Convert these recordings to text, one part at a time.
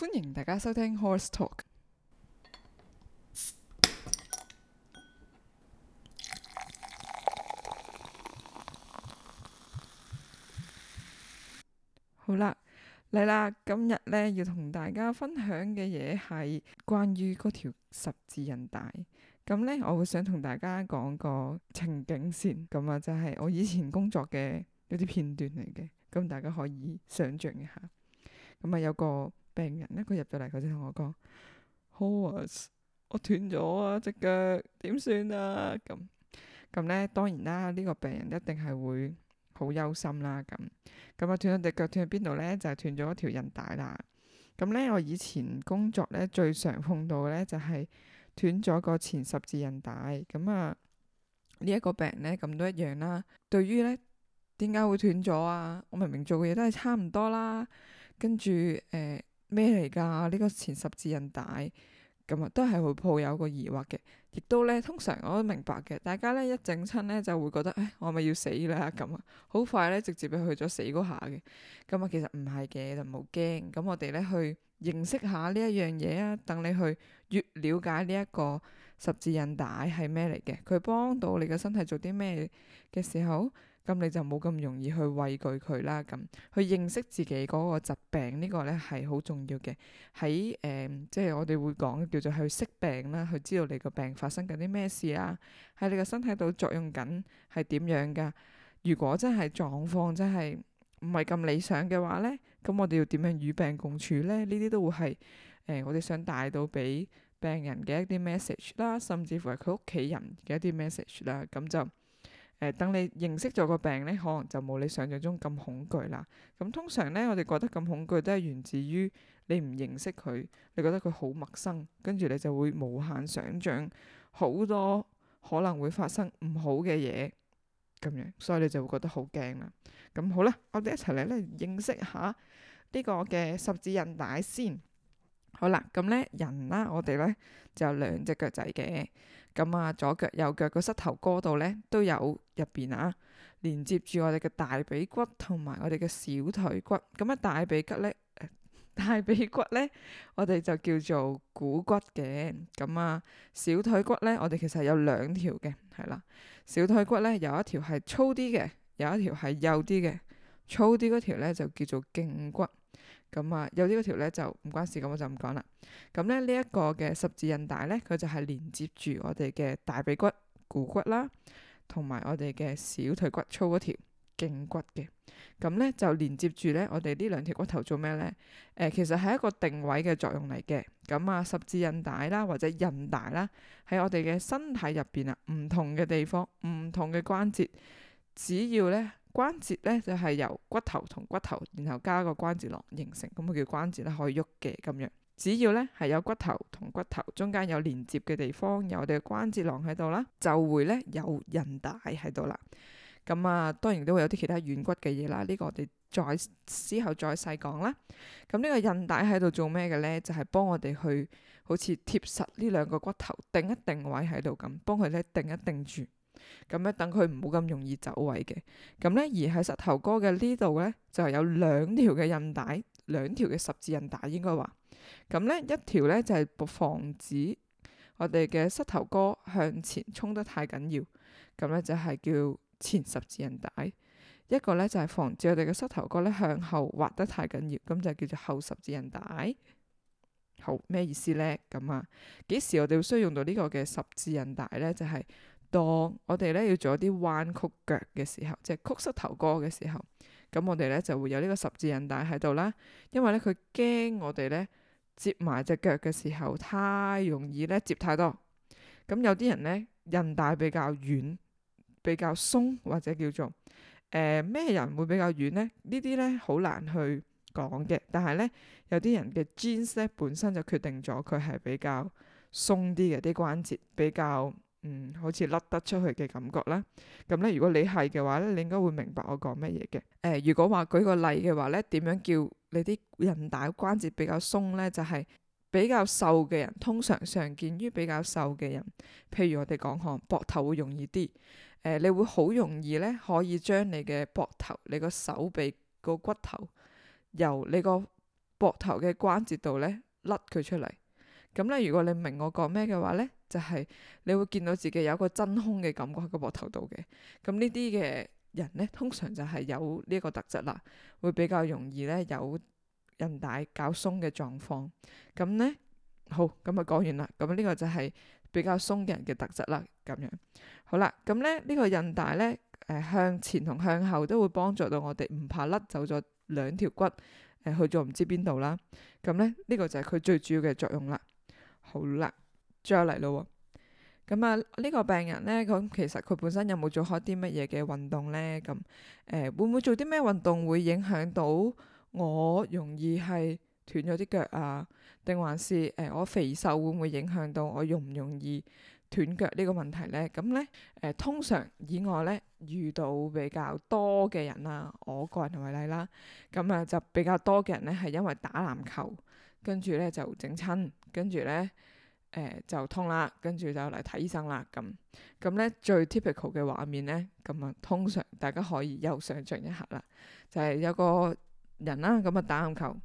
歡迎大家收聽《Horis Talk》。好啦，嚟啦！今日咧要同大家分享嘅嘢係關於嗰條十字韌帶。咁咧，我會想同大家講個情景線，咁啊，就係我以前工作嘅一啲片段嚟嘅。咁大家可以想象一下，咁啊，有個。病人咧，佢入咗嚟，佢就同我講：，Horis 我斷咗啊隻腳，點算啊？咁咁咧，當然啦，呢個病人一定係會好憂心啦。咁咁啊，斷咗隻腳斷喺邊度咧？就係斷咗一條韌帶啦。咁咧，我以前工作咧最常碰到咧就係斷咗個前十字韌帶。咁啊，呢一個病咧咁都一樣啦。對於咧，點解會斷咗啊？我明明做嘅嘢都係差唔多啦，跟住誒。呃咩嚟噶？呢、這個前十字韌帶，咁啊、嗯，都係會抱有個疑惑嘅，亦都咧，通常我都明白嘅。大家咧一整親咧就會覺得，誒、哎，我係咪要死啦咁啊，好、嗯嗯、快咧直接去去咗死嗰下嘅。咁、嗯、啊，其實唔係嘅，就唔好驚。咁、嗯、我哋咧去認識下呢一樣嘢啊，等你去越了解呢一個十字韌帶係咩嚟嘅，佢幫到你嘅身體做啲咩嘅時候。咁你就冇咁容易去畏懼佢啦，咁去認識自己嗰個疾病呢個咧係好重要嘅。喺誒，即係我哋會講叫做去識病啦，去知道你個病發生緊啲咩事啦、啊，喺你個身體度作用緊係點樣噶。如果真係狀況真係唔係咁理想嘅話咧，咁我哋要點樣與病共處咧？呢啲都會係誒我哋想帶到俾病人嘅一啲 message 啦，甚至乎係佢屋企人嘅一啲 message 啦。咁就。誒，等你認識咗個病咧，可能就冇你想象中咁恐懼啦。咁通常咧，我哋覺得咁恐懼都係源自於你唔認識佢，你覺得佢好陌生，跟住你就會無限想象好多可能會發生唔好嘅嘢。咁樣，所以你就會覺得好驚啦。咁好啦，我哋一齊嚟，咧認識下呢個嘅十字韌帶先。好啦，咁咧人啦，我哋咧就有兩隻腳仔嘅。咁啊，左腳、右腳個膝頭哥度咧都有入邊啊，連接住我哋嘅大髀骨同埋我哋嘅小腿骨。咁啊，大髀骨咧，大髀骨咧，我哋就叫做股骨嘅。咁啊，小腿骨咧，我哋其實有兩條嘅，係啦，小腿骨咧有一條係粗啲嘅，有一條係幼啲嘅。粗啲嗰條咧就叫做脛骨。咁啊，有呢個條咧就唔關事咁，我就唔講啦。咁咧呢一個嘅十字韌帶咧，佢就係連接住我哋嘅大髀骨、股骨啦，同埋我哋嘅小腿骨粗嗰條脛骨嘅。咁咧就連接住咧我哋呢兩條骨頭做咩咧？誒，其實係一個定位嘅作用嚟嘅。咁啊，十字韌帶啦，或者韌帶啦，喺我哋嘅身體入邊啊，唔同嘅地方，唔同嘅關節。只要咧關節咧就係由骨頭同骨頭，然後加個關節囊形成，咁佢叫關節咧可以喐嘅咁樣。只要咧係有骨頭同骨頭中間有連接嘅地方，有我哋嘅關節囊喺度啦，就會咧有韌帶喺度啦。咁啊，當然都會有啲其他軟骨嘅嘢啦。呢個我哋再之後再細講啦。咁呢個韌帶喺度做咩嘅咧？就係幫我哋去好似貼實呢兩個骨頭，定一定位喺度咁，幫佢咧定一定住。咁咧，等佢唔好咁容易走位嘅。咁咧，而喺膝頭哥嘅呢度咧，就係有兩條嘅韌帶，兩條嘅十字韌帶應該話。咁咧，一條咧就係防止我哋嘅膝頭哥向前衝得太緊要。咁咧就係、是、叫前十字韌帶。一個咧就係防止我哋嘅膝頭哥咧向後滑得太緊要，咁就是、叫做後十字韌帶。好，咩意思咧？咁啊，幾時我哋需要用到呢個嘅十字韌帶咧？就係、是。當我哋咧要做一啲彎曲腳嘅時候，即係曲膝頭哥嘅時候，咁我哋咧就會有呢個十字韌帶喺度啦。因為咧佢驚我哋咧接埋隻腳嘅時候太容易咧接太多。咁有啲人咧韌帶比較軟、比較鬆，或者叫做誒咩、呃、人會比較軟咧？呢啲咧好難去講嘅。但係咧有啲人嘅 genes 咧本身就決定咗佢係比較鬆啲嘅啲關節比較。嗯，好似甩得出去嘅感覺啦。咁呢，如果你係嘅話呢，你應該會明白我講乜嘢嘅。誒、呃，如果話舉個例嘅話呢，點樣叫你啲韌帶關節比較鬆呢？就係、是、比較瘦嘅人，通常常見於比較瘦嘅人。譬如我哋講項，膊頭會容易啲。誒、呃，你會好容易呢，可以將你嘅膊頭、你個手臂、個骨頭，由你個膊頭嘅關節度呢，甩佢出嚟。咁咧，如果你明我講咩嘅話咧，就係、是、你會見到自己有一個真空嘅感覺喺個膊頭度嘅。咁呢啲嘅人咧，通常就係有呢個特質啦，會比較容易咧有韌帶搞鬆嘅狀況。咁、嗯、咧，好咁啊，講完啦。咁、這、呢個就係比較鬆嘅人嘅特質啦。咁樣好啦，咁、嗯、咧、這個、呢個韌帶咧，誒向前同向後都會幫助到我哋唔怕甩走咗兩條骨誒去咗唔知邊度啦。咁咧呢個就係佢最主要嘅作用啦。好啦，最後嚟咯喎，咁啊呢、這個病人咧，咁其實佢本身有冇做開啲乜嘢嘅運動咧？咁、啊、誒會唔會做啲咩運動會影響到我容易係斷咗啲腳啊？定還是誒、啊、我肥瘦會唔會影響到我容唔容易斷腳呢個問題咧？咁咧誒通常以我咧遇到比較多嘅人啦，我個人為例啦，咁啊就、啊、比較多嘅人咧係因為打籃球跟住咧就整親。跟住咧，誒、呃、就痛啦，跟住就嚟睇醫生啦。咁咁咧最 typical 嘅畫面咧，咁啊通常大家可以又想像一下啦，就係、是、有個人啦，咁啊打籃球，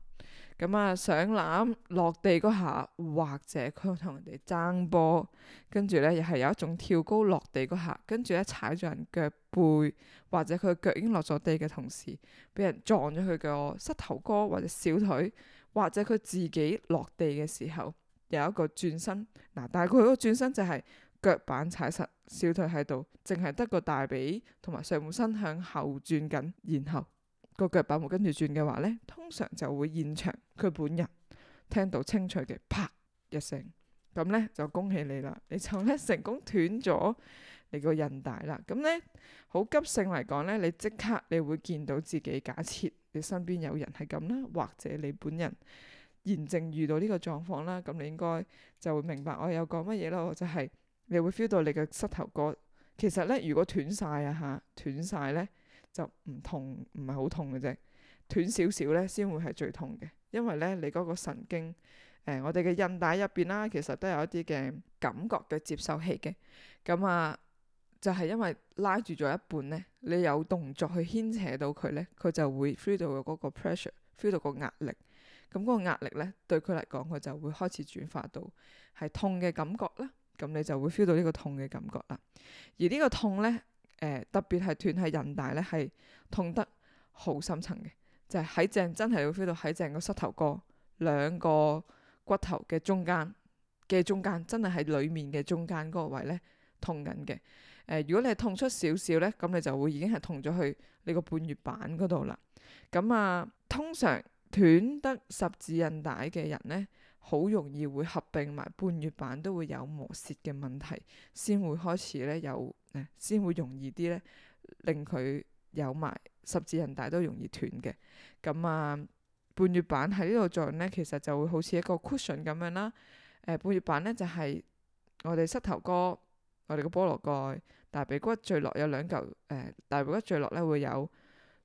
咁啊上籃落地嗰下，或者佢同人哋爭波，跟住咧又係有一種跳高落地嗰下，跟住咧踩住人腳背，或者佢腳已經落咗地嘅同時，俾人撞咗佢個膝頭哥或者小腿。.或者佢自己落地嘅時候有一個轉身，嗱，但係佢個轉身就係腳板踩實，小腿喺度，淨係得個大髀同埋上半身向後轉緊，然後個腳板冇跟住轉嘅話呢，通常就會現場佢本人聽到清脆嘅啪一聲。咁呢就恭喜你啦，你就呢成功斷咗。你個韌帶啦，咁咧好急性嚟講咧，你即刻你會見到自己。假設你身邊有人係咁啦，或者你本人現正遇到呢個狀況啦，咁你應該就會明白我有講乜嘢啦。就係你會 feel 到你嘅膝頭哥。其實咧，如果斷晒啊嚇，斷晒咧就唔痛，唔係好痛嘅啫。斷少少咧，先會係最痛嘅，因為咧你嗰個神經，誒、呃、我哋嘅韌帶入邊啦，其實都有一啲嘅感覺嘅接受器嘅，咁啊～就係因為拉住咗一半呢，你有動作去牽扯到佢呢，佢就會 feel 到個嗰個 pressure，feel 到個壓力。咁嗰個壓力呢，對佢嚟講，佢就會開始轉化到係痛嘅感覺啦。咁你就會 feel 到呢個痛嘅感覺啦。而呢個痛呢，誒、特別係斷係韌帶呢，係痛得好深層嘅，就係喺正真係會 feel 到喺正個膝頭哥兩個骨頭嘅中間嘅中間，真係喺裡面嘅中間嗰個位呢，痛緊嘅。誒，如果你係痛出少少咧，咁你就會已經係痛咗去你個半月板嗰度啦。咁啊，通常斷得十字韌帶嘅人咧，好容易會合併埋半月板都會有磨蝕嘅問題，先會開始咧有誒，先會容易啲咧，令佢有埋十字韌帶都容易斷嘅。咁啊，半月板喺呢度作用咧，其實就會好似一個 cushion 咁樣啦。誒、啊，半月板咧就係我哋膝頭哥。我哋個菠蘿蓋大髀骨最落有兩嚿誒，大髀骨最落咧會有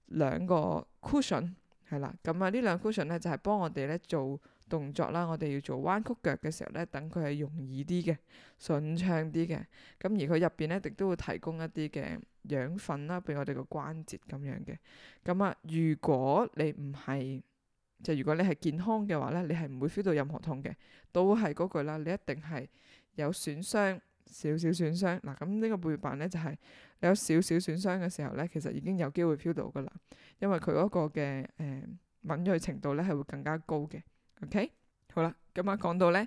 兩個 cushion 係啦。咁、呃、啊，呢兩 cushion 咧 cus 就係幫我哋咧做動作啦。我哋要做彎曲腳嘅時候咧，等佢係容易啲嘅，順暢啲嘅。咁而佢入邊咧亦都會提供一啲嘅養分啦，俾我哋個關節咁樣嘅。咁啊，如果你唔係就是、如果你係健康嘅話咧，你係唔會 feel 到任何痛嘅。都係嗰句啦，你一定係有損傷。少少損傷嗱，咁呢個背板咧就係有少少損傷嘅時候咧，其實已經有機會 feel 到噶啦，因為佢嗰個嘅誒、呃、敏鋭程度咧係會更加高嘅。OK，好啦，咁啊講到咧誒、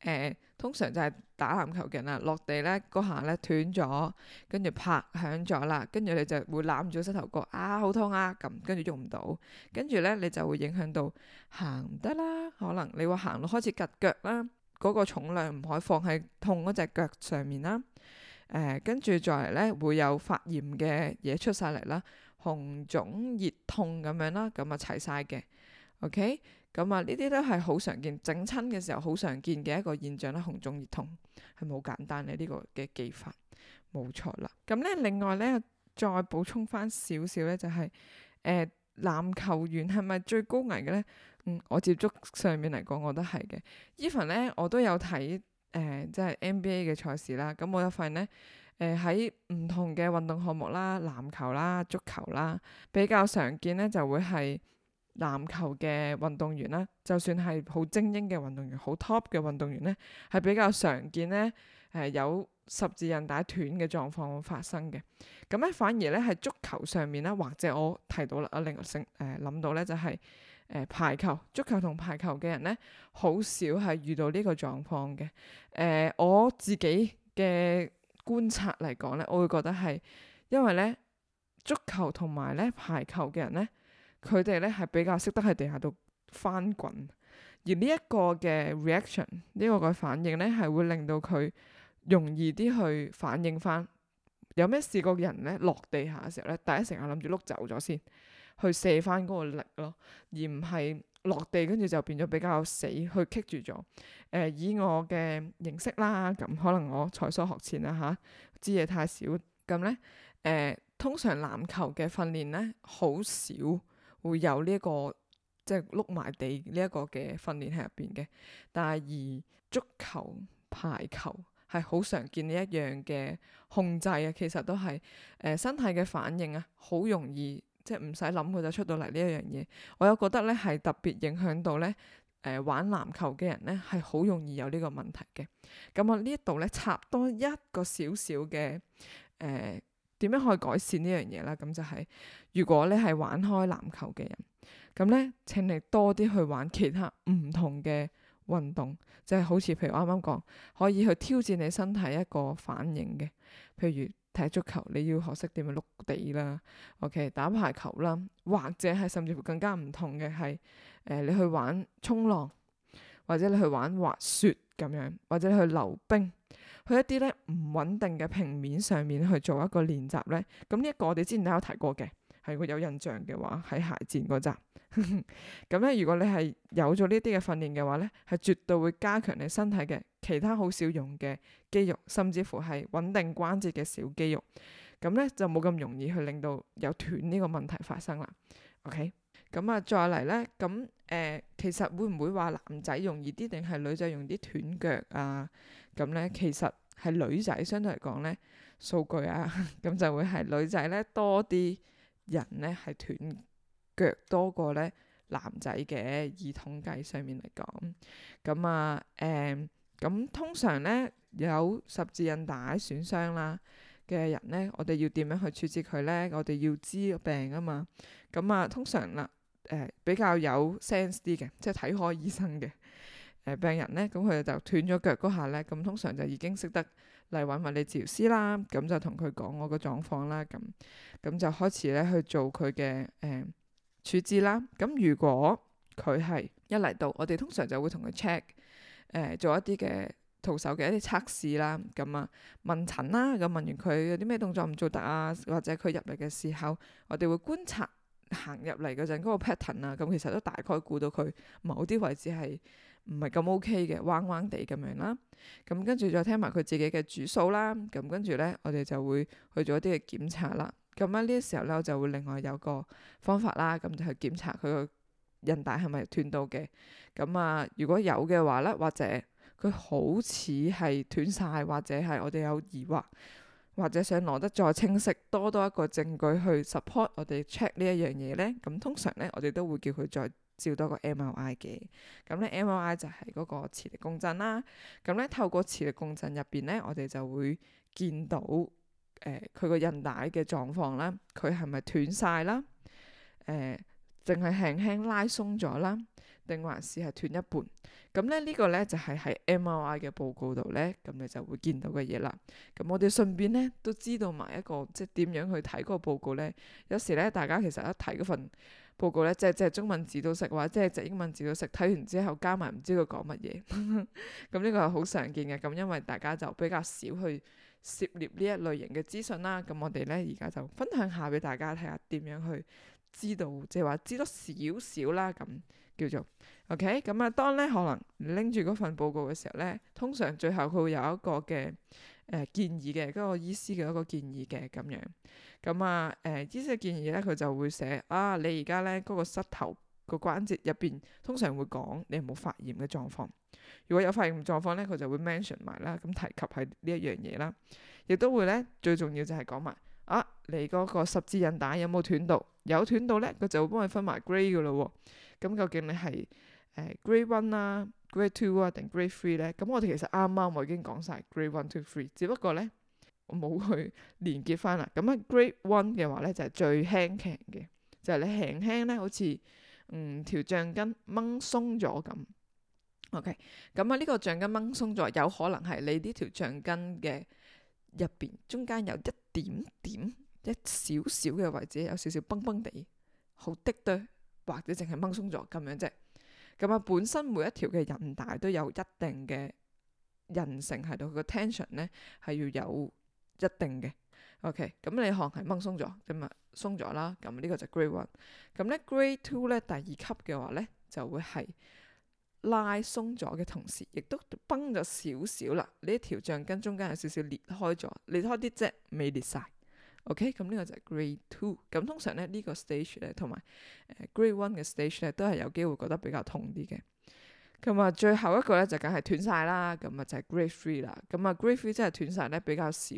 呃，通常就係打籃球嘅人啦，落地咧個下咧斷咗，跟住拍響咗啦，跟住你就會攬住個膝頭哥啊，好痛啊，咁跟住用唔到，跟住咧你就會影響到行唔得啦，可能你會行到開始趷腳啦。嗰個重量唔可以放喺痛嗰隻腳上面啦，誒、呃，跟住再嚟咧會有發炎嘅嘢出晒嚟啦，紅腫熱痛咁樣啦，咁、okay？啊齊晒嘅，OK，咁啊呢啲都係好常見，整親嘅時候好常見嘅一個現象啦，紅腫熱痛係咪好簡單嘅呢、呢個嘅技法，冇錯啦。咁咧另外咧再補充翻少少咧就係、是、誒。呃籃球員係咪最高危嘅咧？嗯，我接觸上面嚟講，我都係嘅。Even 咧，我都有睇誒，即係 NBA 嘅賽事啦。咁我就發現咧，誒喺唔同嘅運動項目啦，籃球啦、足球啦，比較常見咧，就會係籃球嘅運動員啦。就算係好精英嘅運動員、好 top 嘅運動員咧，係比較常見咧，誒、呃、有。十字韌帶斷嘅狀況會發生嘅。咁咧，反而咧係足球上面咧，或者我提到啦啊，另外成誒諗到咧就係誒排球、足球同排球嘅人咧，好少係遇到呢個狀況嘅誒、呃。我自己嘅觀察嚟講咧，我會覺得係因為咧足球同埋咧排球嘅人咧，佢哋咧係比較識得喺地下度翻滾，而呢一個嘅 reaction 呢個嘅反應咧係會令到佢。容易啲去反應翻有咩事過人呢，個人咧落地下嘅時候咧，第一時間諗住碌走咗先，去卸翻嗰個力咯，而唔係落地跟住就變咗比較死去棘住咗。誒、呃，以我嘅認識啦，咁可能我才疏學淺啦嚇，知嘢太少咁咧。誒、呃，通常籃球嘅訓練咧，好少會有呢、這、一個即係碌埋地呢一個嘅訓練喺入邊嘅，但係而足球、排球。係好常見嘅一樣嘅控制啊，其實都係誒、呃、身體嘅反應啊，好容易即係唔使諗佢就出到嚟，呢一樣嘢。我有覺得咧係特別影響到咧誒、呃、玩籃球嘅人咧係好容易有呢個問題嘅。咁我呢一度咧插多一個少少嘅誒點樣可以改善呢樣嘢啦？咁就係、是、如果你係玩開籃球嘅人，咁咧請你多啲去玩其他唔同嘅。運動即係好似譬如我啱啱講，可以去挑戰你身體一個反應嘅，譬如踢足球你要學識點樣碌地啦，O K 打排球啦，或者係甚至乎更加唔同嘅係誒你去玩衝浪，或者你去玩滑雪咁樣，或者你去溜冰，去一啲咧唔穩定嘅平面上面去做一個練習咧，咁呢一個我哋之前都有提過嘅。係會有印象嘅話，喺鞋戰嗰集咁咧。如果你係有咗呢啲嘅訓練嘅話咧，係絕對會加強你身體嘅其他好少用嘅肌肉，甚至乎係穩定關節嘅小肌肉。咁咧就冇咁容易去令到有斷呢個問題發生啦。OK，咁啊，再嚟咧，咁誒，其實會唔會話男仔容易啲，定係女仔容易啲斷腳啊？咁咧，其實係女仔相對嚟講咧數據啊，咁就會係女仔咧多啲。人咧係斷腳多過咧男仔嘅，以統計上面嚟講。咁、嗯、啊，誒、嗯，咁、嗯嗯、通常咧有十字韌帶損傷啦嘅人咧，我哋要點樣去處置佢咧？我哋要知病啊嘛。咁、嗯、啊、嗯，通常啦，誒、嗯、比較有 sense 啲嘅，即係睇開醫生嘅。誒病人咧，咁佢就斷咗腳嗰下咧，咁通常就已經識得嚟搵物理治療師啦，咁就同佢講我個狀況啦，咁咁就開始咧去做佢嘅誒處置啦。咁如果佢係一嚟到，我哋通常就會同佢 check，誒、呃、做一啲嘅徒手嘅一啲測試啦，咁啊問診啦，咁問完佢有啲咩動作唔做得啊，或者佢入嚟嘅時候，我哋會觀察行入嚟嗰陣嗰個 pattern 啊，咁其實都大概估到佢某啲位置係，唔係咁 OK 嘅，彎彎地咁樣啦，咁跟住再聽埋佢自己嘅主數啦，咁跟住呢，我哋就會去做一啲嘅檢查啦，咁啊呢啲時候呢，我就會另外有個方法啦，咁就去檢查佢個韌帶係咪斷到嘅，咁啊如果有嘅話呢，或者佢好似係斷晒，或者係我哋有疑惑。或者想攞得再清晰，多多一個證據去 support 我哋 check 呢一樣嘢咧，咁通常咧我哋都會叫佢再照多個 MRI 嘅。咁咧 MRI 就係嗰個磁力共振啦。咁咧透過磁力共振入邊咧，我哋就會見到誒佢個韌帶嘅狀況啦，佢係咪斷晒啦？誒，淨係輕輕拉鬆咗啦，定還是係斷一半，咁咧呢個咧就係喺 MRI 嘅報告度咧，咁你就會見到嘅嘢啦。咁我哋順便咧都知道埋一個，即係點樣去睇個報告咧。有時咧大家其實一睇嗰份報告咧，即係即係中文字都識嘅話，或者即係即係英文字都識，睇完之後加埋唔知佢講乜嘢，咁 呢個係好常見嘅。咁因為大家就比較少去涉獵呢一類型嘅資訊啦。咁我哋咧而家就分享下俾大家睇下點樣去知道，即係話知多少少啦。咁叫做。OK，咁啊，當咧可能拎住嗰份報告嘅時候咧，通常最後佢會有一個嘅誒建議嘅，嗰個醫師嘅一個建議嘅咁樣。咁啊，誒醫師嘅建議咧，佢就會寫啊，你而家咧嗰個膝頭個關節入邊，通常會講你有冇發炎嘅狀況。如果有發炎狀況咧，佢就會 mention 埋啦，咁提及係呢一樣嘢啦。亦都會咧最重要就係講埋啊，你嗰個十字韌帶有冇斷到？有斷到咧，佢就會幫你分埋 grade 噶咯喎。咁究竟你係？誒 grade one 啦，grade two 啊，定 grade three 咧？咁我哋其實啱啱我已經講曬 grade one two three，只不過咧我冇去連結翻啦。咁啊，grade one 嘅話咧就係最輕強嘅，就係你輕輕咧，好似嗯條橡筋掹鬆咗咁。OK，咁啊呢個橡筋掹鬆咗，有可能係你呢條橡筋嘅入邊中間有一點點一少少嘅位置有少少崩崩地好啲嘅，或者淨係掹鬆咗咁樣啫。咁啊，本身每一條嘅韌帶都有一定嘅韌性，喺度佢個 tension 咧，係要有一定嘅。OK，咁你看係掹鬆咗，咁啊鬆咗啦。咁、這、呢個就 Grade One。咁咧 Grade Two 咧，第二級嘅話咧，就會係拉鬆咗嘅同時，亦都崩咗少少啦。呢一條橡筋中間有少少裂開咗，裂開啲啫，未裂晒。OK，咁呢個就係 Grade Two，咁通常咧呢個 stage 咧同埋誒 Grade One 嘅 stage 咧都係有機會覺得比較痛啲嘅。咁啊最後一個咧就梗係斷曬啦，咁啊就係 Grade Three 啦。咁啊 Grade Three 真係斷曬咧，比較少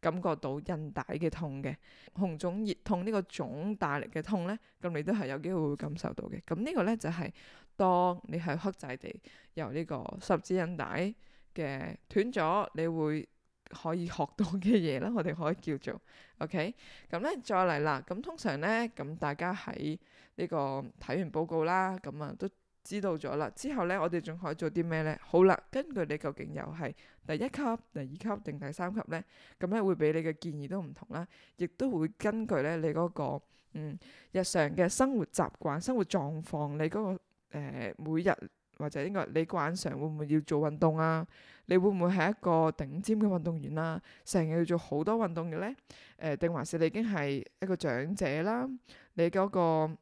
感覺到韌帶嘅痛嘅。紅腫熱痛呢個腫大力嘅痛咧，咁你都係有機會會感受到嘅。咁呢個咧就係當你係黑仔地由呢個十字韌帶嘅斷咗，你會。可以學到嘅嘢啦，我哋可以叫做 OK、嗯。咁咧再嚟啦，咁通常咧咁大家喺呢個睇完報告啦，咁、嗯、啊都知道咗啦。之後咧我哋仲可以做啲咩咧？好啦，根據你究竟又係第一級、第二級定第三級咧，咁、嗯、咧會俾你嘅建議都唔同啦，亦都會根據咧你嗰、嗰個嗯日常嘅生活習慣、生活狀況，你嗰、嗰個誒、呃、每日。或者應該你慣常會唔會要做運動啊？你會唔會係一個頂尖嘅運動員啊？成日要做好多運動嘅咧？誒、呃，定還是你已經係一個長者啦？你嗰、嗰個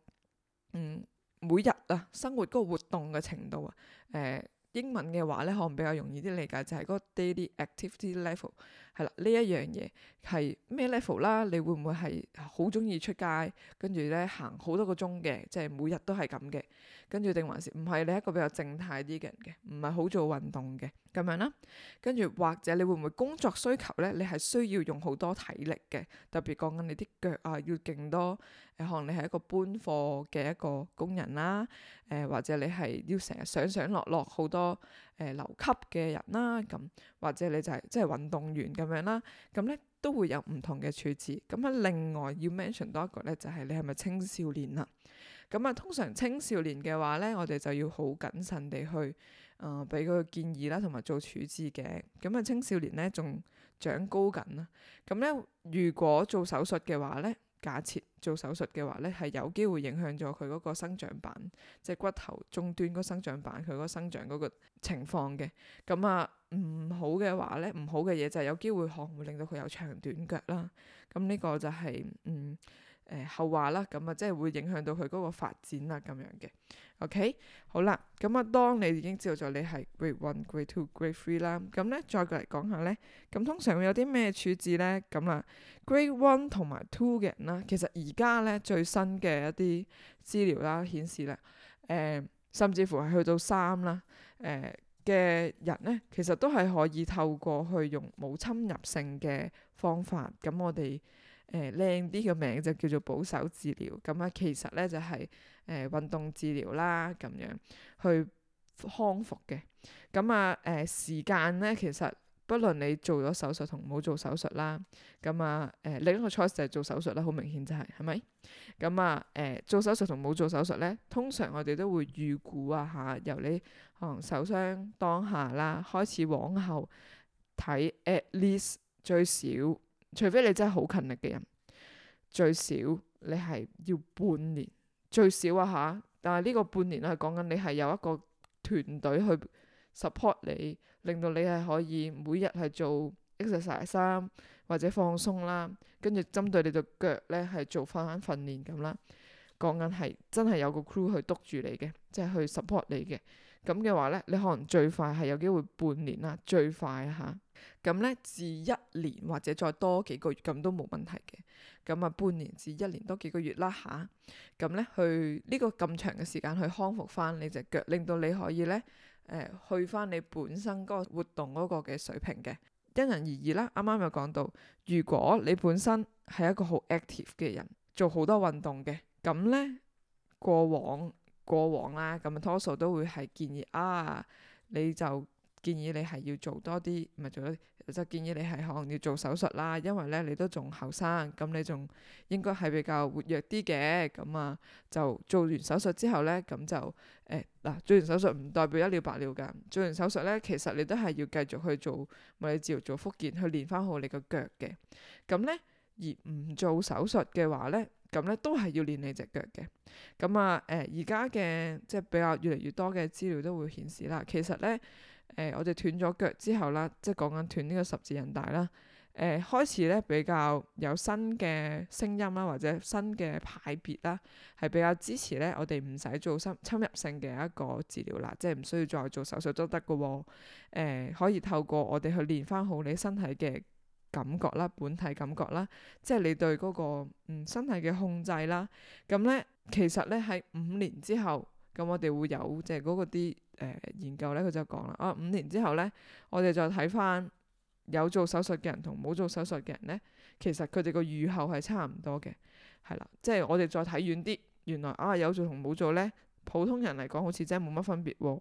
嗯每日啊生活嗰個活動嘅程度啊？誒、呃，英文嘅話咧，可能比較容易啲理解，就係嗰個 daily activity level。係啦，呢一樣嘢係咩 level 啦？你會唔會係好中意出街，跟住咧行好多個鐘嘅，即係每日都係咁嘅？跟住定還是唔係你係一個比較靜態啲嘅人嘅，唔係好做運動嘅咁樣啦？跟住或者你會唔會工作需求咧？你係需要用好多體力嘅，特別講緊你啲腳啊，要勁多誒。可能你係一個搬貨嘅一個工人啦，誒、呃、或者你係要成日上上落落好多。誒留級嘅人啦，咁、呃、或者你就係、是、即運動員咁樣啦，咁咧都會有唔同嘅處置。咁啊，另外要 mention 多一個咧，就係、是、你係咪青少年啦？咁啊，通常青少年嘅話咧，我哋就要好謹慎地去誒俾佢建議啦，同埋做處置嘅。咁啊，青少年咧仲長高緊啦，咁咧如果做手術嘅話咧，假設。做手術嘅話咧，係有機會影響咗佢嗰個生長板，即係骨頭中端嗰生長板，佢嗰生長嗰個情況嘅。咁啊，唔好嘅話咧，唔好嘅嘢就係有機會可能會令到佢有長短腳啦。咁呢個就係、是、嗯。誒後話啦，咁啊即係會影響到佢嗰個發展啦，咁樣嘅，OK，好啦，咁啊當你已經知道咗你係 Grade One、Grade Two、Grade Three 啦，咁咧再過嚟講下咧，咁通常會有啲咩處置咧？咁啦，Grade One 同埋 Two 嘅人啦，其實而家咧最新嘅一啲資料啦顯示啦，誒甚至乎係去到三啦，誒嘅人咧，其實都係可以透過去用冇侵入性嘅方法，咁我哋。誒靚啲嘅名就叫做保守治療，咁、嗯、啊其實咧就係、是、誒、呃、運動治療啦，咁樣去康復嘅。咁啊誒時間咧，其實不論你做咗手術同冇做手術啦，咁啊誒另一個 choice 就係做手術啦，好明顯就係係咪？咁啊誒做手術同冇做手術咧，通常我哋都會預估啊下，由你可能受傷當下啦，開始往後睇 at least 最少。除非你真係好勤力嘅人，最少你係要半年最少啊吓。但係呢個半年咧，係講緊你係有一個團隊去 support 你，令到你係可以每日係做 exercise 三或者放鬆啦，跟住針對你對腳咧係做翻訓練咁啦。講緊係真係有個 crew 去督住你嘅，即係去 support 你嘅。咁嘅話咧，你可能最快係有機會半年啦，最快嚇。咁咧，至一年或者再多幾個月，咁都冇問題嘅。咁啊，半年至一年多幾個月啦嚇。咁咧，去呢個咁長嘅時間去康復翻你隻腳，令到你可以咧，誒、呃，去翻你本身嗰個活動嗰個嘅水平嘅。因人而異啦。啱啱有講到，如果你本身係一個好 active 嘅人，做好多運動嘅，咁咧過往。過往啦，咁啊，多數都會係建議啊，你就建議你係要做多啲，唔係做多啲，就是、建議你係可能要做手術啦，因為咧你都仲後生，咁你仲應該係比較活躍啲嘅，咁啊就做完手術之後咧，咁就誒嗱、欸啊，做完手術唔代表一了百了噶，做完手術咧，其實你都係要繼續去做物理治療、做復健，去練翻好你個腳嘅。咁咧而唔做手術嘅話咧。咁咧都係要練你隻腳嘅，咁啊誒而家嘅即係比較越嚟越多嘅資料都會顯示啦，其實咧誒、呃、我哋斷咗腳之後啦，即係講緊斷呢個十字韌帶啦，誒、呃、開始咧比較有新嘅聲音啦，或者新嘅派別啦，係比較支持咧我哋唔使做深侵入性嘅一個治療啦，即係唔需要再做手術都得㗎喎，誒、呃、可以透過我哋去練翻好你身體嘅。感覺啦，本體感覺啦，即係你對嗰個嗯身體嘅控制啦。咁咧，其實咧喺五年之後，咁我哋會有即係嗰個啲誒研究咧，佢就講啦，啊五年之後咧，我哋再睇翻有做手術嘅人同冇做手術嘅人咧，其實佢哋個預後係差唔多嘅，係啦，即係我哋再睇遠啲，原來啊有做同冇做咧，普通人嚟講好似真係冇乜分別喎。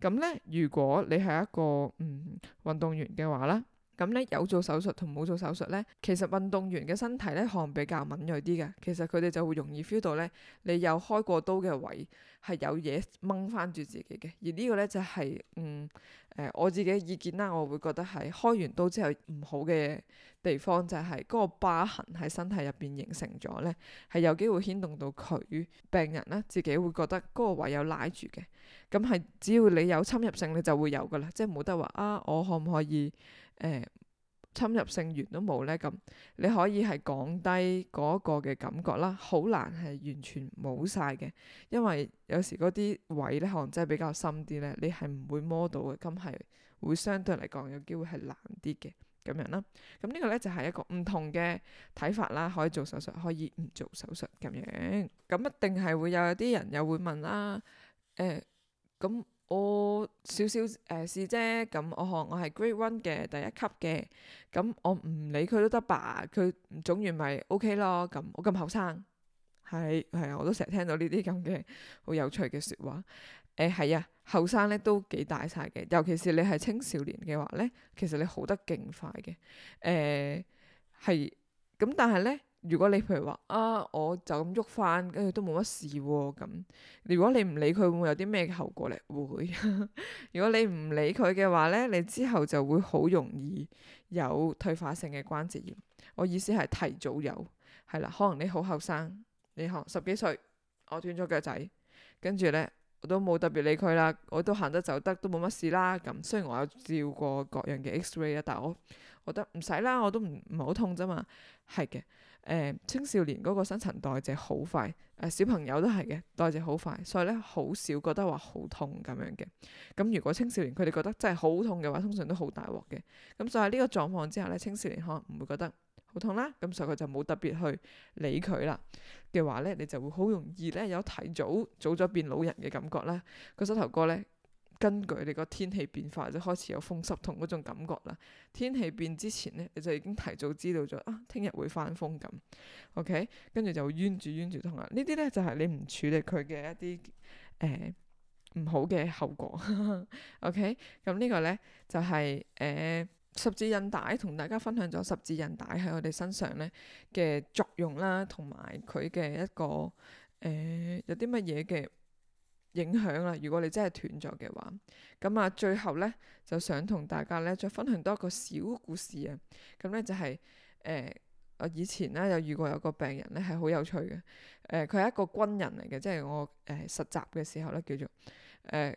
咁咧，如果你係一個嗯運動員嘅話啦。咁咧，有做手術同冇做手術咧，其實運動員嘅身體咧，可能比較敏銳啲嘅，其實佢哋就會容易 feel 到咧，你有開過刀嘅位係有嘢掹返住自己嘅。而個呢個咧就係、是、嗯誒、呃、我自己嘅意見啦，我會覺得係開完刀之後唔好嘅地方就係嗰個疤痕喺身體入邊形成咗咧，係有機會牽動到佢。病人啦，自己會覺得嗰個位有拉住嘅。咁係只要你有侵入性，你就會有噶啦，即係冇得話啊，我可唔可以？誒、欸、侵入性源都冇咧咁，你可以係降低嗰個嘅感覺啦。好難係完全冇晒嘅，因為有時嗰啲位咧可能真係比較深啲咧，你係唔會摸到嘅，咁係會相對嚟講有機會係難啲嘅咁樣啦。咁呢個咧就係一個唔同嘅睇法啦，可以做手術，可以唔做手術咁樣。咁一定係會有啲人又會問啦、啊，誒、欸、咁。我少少誒試啫，咁我學我係 grade one 嘅第一級嘅，咁我唔理佢都得吧，佢總完咪 OK 咯。咁我咁後生，係係、呃、啊，我都成日聽到呢啲咁嘅好有趣嘅説話。誒係啊，後生咧都幾大晒嘅，尤其是你係青少年嘅話咧，其實你好得勁快嘅。誒、呃、係，咁但係咧。如果你譬如話啊，我就咁喐返，跟住都冇乜事喎、啊。咁如果你唔理佢，會唔會有啲咩嘅後果呢？會。 如果你唔理佢嘅話呢，你之後就會好容易有退化性嘅關節炎。我意思係提早有係啦，可能你好後生，你可能十幾歲，我斷咗腳仔，跟住呢，我都冇特別理佢啦，我都行得走得都冇乜事啦。咁雖然我有照過各樣嘅 X-ray 啊，但係我覺得唔使啦，我都唔唔係好痛啫嘛。係嘅。誒、呃，青少年嗰個新陳代謝好快，誒、呃、小朋友都係嘅，代謝好快，所以咧好少覺得話好痛咁樣嘅。咁如果青少年佢哋覺得真係好痛嘅話，通常都好大鑊嘅。咁所以喺呢個狀況之下咧，青少年可能唔會覺得好痛啦。咁所以佢就冇特別去理佢啦。嘅話咧，你就會好容易咧有提早早咗變老人嘅感覺啦。個膝頭哥咧。根據你個天氣變化，就開始有風濕痛嗰種感覺啦。天氣變之前咧，你就已經提早知道咗啊，聽日會翻風咁。OK，跟住就冤住冤住痛啦。呢啲咧就係你唔處理佢嘅一啲誒唔好嘅後果。 OK，咁呢個咧就係、是、誒、呃、十字韌帶，同大家分享咗十字韌帶喺我哋身上咧嘅作用啦，同埋佢嘅一個誒、呃、有啲乜嘢嘅。影響啦，如果你真係斷咗嘅話，咁啊最後咧就想同大家咧再分享多一個小故事啊，咁、嗯、咧就係、是、誒、呃、我以前咧有遇過有個病人咧係好有趣嘅，誒佢係一個軍人嚟嘅，即係我誒、呃、實習嘅時候咧叫做誒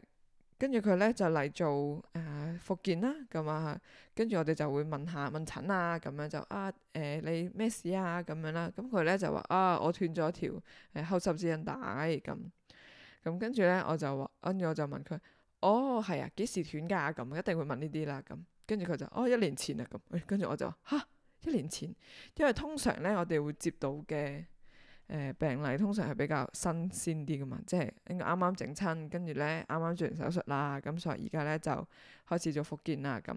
跟住佢咧就嚟做誒、呃、復健啦，咁啊跟住我哋就會問下問診啊咁樣就啊誒、呃、你咩事啊咁樣啦，咁佢咧就話啊我斷咗條後十字韌帶咁。咁、嗯、跟住咧，我就話，跟住我就問佢，哦，係啊，幾時斷架？咁，一定會問呢啲啦咁。跟住佢就，哦，一年前啊咁。跟住我就，吓，一年前？因為通常咧，我哋會接到嘅誒、呃、病例，通常係比較新鮮啲噶嘛，即係應該啱啱整親，跟住咧啱啱做完手術啦，咁、嗯、所以而家咧就開始做復健啦咁。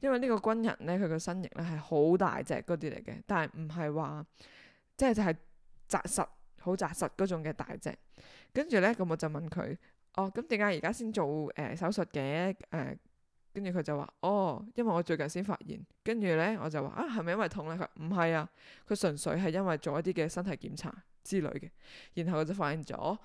因為呢個軍人咧，佢個身形咧係好大隻嗰啲嚟嘅，但係唔係話，即係就係紮實、好紮實嗰種嘅大隻。跟住咧，咁我就問佢，哦，咁點解而家先做誒、呃、手術嘅？誒、呃，跟住佢就話，哦，因為我最近先發現。跟住咧，我就話，啊，係咪因為痛咧？佢話唔係啊，佢純粹係因為做一啲嘅身體檢查之類嘅，然後佢就發現咗。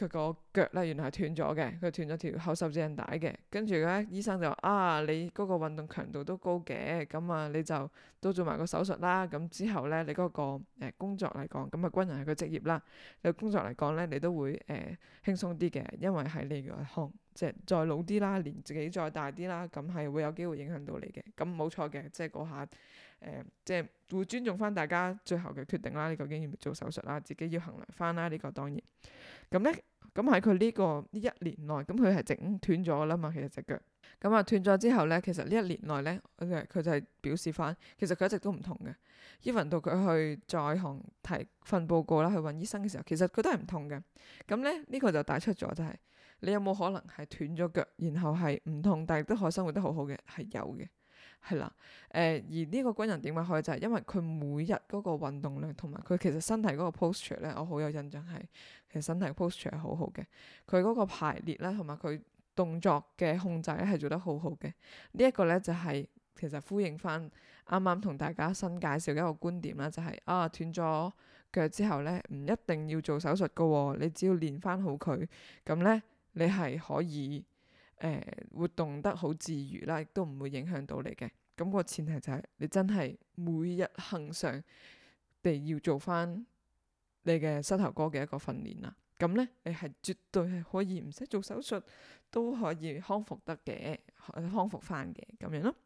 佢個腳咧，原來係斷咗嘅。佢斷咗條後十字韌帶嘅。跟住咧，醫生就話啊，你嗰個運動強度都高嘅，咁啊，你就都做埋個手術啦。咁之後咧，你嗰個誒工作嚟講，咁啊，軍人係個職業啦。你工作嚟講咧，你都會誒、呃、輕鬆啲嘅，因為係你個康即係再老啲啦，年紀自己再大啲啦，咁係會有機會影響到你嘅。咁冇錯嘅，即係嗰下誒、呃，即係會尊重翻大家最後嘅決定啦。你究竟要唔要做手術啦？自己要衡量翻啦。呢、這個當然咁咧。咁喺佢呢個呢一年內，咁佢係整斷咗啦嘛，其實隻腳。咁啊斷咗之後咧，其實呢一年內咧，佢就係表示返，其實佢一直都唔痛嘅。Even 到佢去在行提份報告啦，去揾醫生嘅時候，其實佢都係唔痛嘅。咁咧呢、呢個就帶出咗、就係，就係你有冇可能係斷咗腳，然後係唔痛，但係都可以生活得好好嘅，係有嘅。係啦，誒、呃、而呢個軍人點解可以就係、是、因為佢每日嗰個運動量同埋佢其實身體嗰個 posture 咧，我好有印象係其實身體 posture 係好好嘅，佢嗰個排列咧同埋佢動作嘅控制咧係做得好好嘅。這個、呢一個咧就係、是、其實呼應翻啱啱同大家新介紹嘅一個觀點啦，就係、是、啊斷咗腳之後咧唔一定要做手術噶喎，你只要練翻好佢，咁咧你係可以。誒、嗯、活動得好自如啦，亦都唔會影響到你嘅。咁、那個前提就係、是、你真係每日恆常地要做翻你嘅膝頭哥嘅一個訓練啦。咁咧，你係絕對係可以唔使做手術，都可以康復得嘅，康復翻嘅咁樣咯。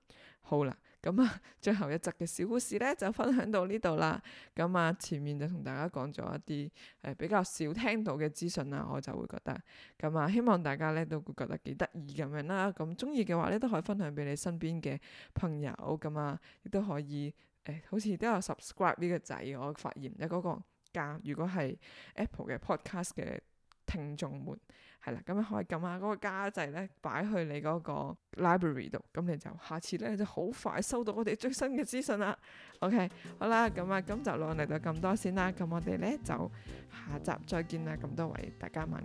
好啦。咁啊，最後一集嘅小故事咧，就分享到呢度啦。咁啊，前面就同大家講咗一啲誒、呃、比較少聽到嘅資訊啦，我就會覺得。咁啊，希望大家咧都會覺得幾得意咁樣啦。咁鍾意嘅話咧，都可以分享俾你身邊嘅朋友。咁啊，亦都可以誒、呃，好似都有 subscribe 呢個仔，我發現咧嗰、那個加，如果係 Apple 嘅 Podcast 嘅。聽眾們，係啦，咁樣可以撳下嗰個加掣咧，擺去你嗰個 library 度，咁你就下次咧就好快收到我哋最新嘅資訊啦。OK，好啦，咁啊，咁就落嚟到咁多先啦，咁我哋咧就下集再見啦，咁多位大家晚安。